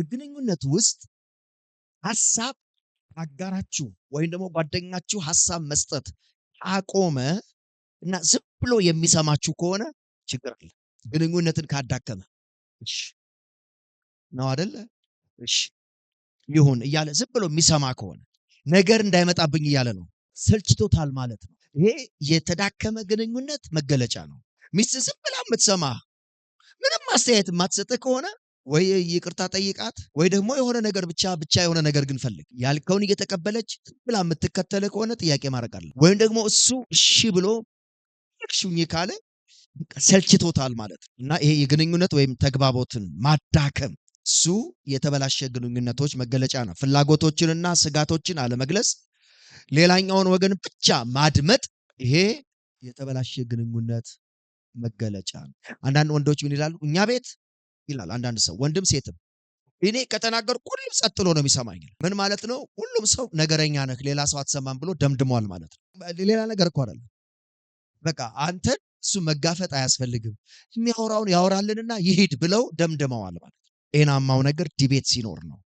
በግንኙነት ውስጥ ሀሳብ አጋራችሁ ወይም ደግሞ ጓደኛችሁ ሀሳብ መስጠት አቆመ እና ዝም ብሎ የሚሰማችሁ ከሆነ ችግር አለ። ግንኙነትን ካዳከመ እሺ ነው አደለ? እሺ ይሁን እያለ ዝም ብሎ የሚሰማ ከሆነ ነገር እንዳይመጣብኝ እያለ ነው። ሰልችቶታል ማለት ነው። ይሄ የተዳከመ ግንኙነት መገለጫ ነው። ሚስት ዝም ብላ የምትሰማ ምንም አስተያየት የማትሰጥህ ከሆነ ወይ ይቅርታ ጠይቃት ወይ ደግሞ የሆነ ነገር ብቻ ብቻ የሆነ ነገር ግን ፈልግ። ያልከውን እየተቀበለች ብላ የምትከተል ከሆነ ጥያቄ ማድረግ አለ። ወይም ደግሞ እሱ እሺ ብሎ ሽኝ ካለ ሰልችቶታል ማለት እና ይሄ የግንኙነት ወይም ተግባቦትን ማዳከም እሱ የተበላሸ ግንኙነቶች መገለጫ ነው። ፍላጎቶችንና ስጋቶችን አለመግለጽ፣ ሌላኛውን ወገን ብቻ ማድመጥ፣ ይሄ የተበላሸ ግንኙነት መገለጫ ነው። አንዳንድ ወንዶች ምን ይላሉ? እኛ ቤት ይላል አንዳንድ ሰው ወንድም ሴትም እኔ ከተናገር ሁሉም ጸጥሎ ነው የሚሰማኝ። ምን ማለት ነው? ሁሉም ሰው ነገረኛ ነህ፣ ሌላ ሰው አትሰማም ብሎ ደምድሟል ማለት ነው። ሌላ ነገር እኮ አይደለም። በቃ አንተን እሱ መጋፈጥ አያስፈልግም፣ የሚያወራውን ያወራልንና ይሂድ ብለው ደምድመዋል ማለት ነው። ጤናማው ነገር ዲቤት ሲኖር ነው።